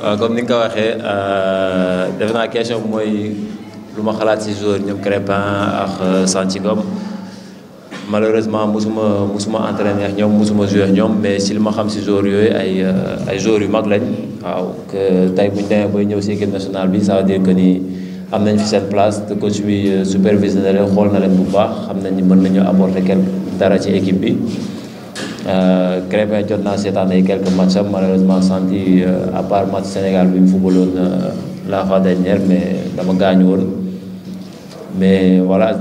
waaw euh, comme ni nga ko waxee euh, defe naa question mooy lu ma xalaat si joueur ñoom Crépin ak euh, Santy Ngom malheureusement musuma musuma entraîné ak ñoom musuma joué ak ñoom mais si lu ma xam si joueur yooyu ay ay joueurs yu mag lañ waaw que tey bu ñu demee bay ñëw si équipe nationale bi ça veut dire que ni am nañ fi seen place te coach bi supervise na leen xool na leen bu baax xam nañ ni mën nañu apporter quelque dara ci équipe bi Euh, Krépin jot naa seetaan ay quelques matchs am malheureusement senti euh, à part match Sénégal bi mu footballoon euh, la fois dernière mais dama gaañu woon mais voilà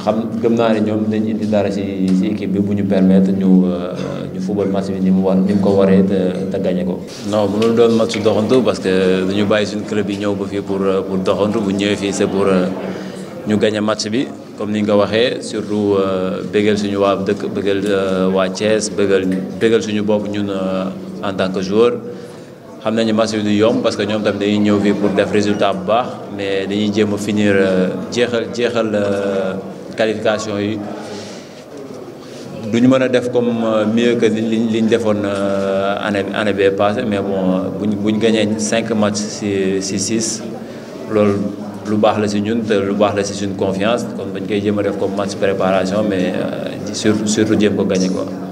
xam gëm naa ñoom dañ indi dara si si bi bu ñu permettre ñu ñu football match bi ni mu war ni mu ko waree te te gagné ko. non mënul doon match doxantu parce que dañu bàyyi suñu club yi ñëw ba fii pour pour doxantu bu ñëwee fii c'est pour ñu gagné match bi. comme nous l'avons dit, surtout Begel Sunyuab, Begel Waches, Begel Sunyuab, nous en tant que joueurs Nous avons massé de Yom parce que nous avons une vie pour des résultats bas, mais nous avons fini la qualification. Nous avons fait comme euh, mieux que l'année euh, passé mais bon, nous euh, avons gagné 5 matchs 6 6 lu baax la une, confiance préparation mais sur sûr que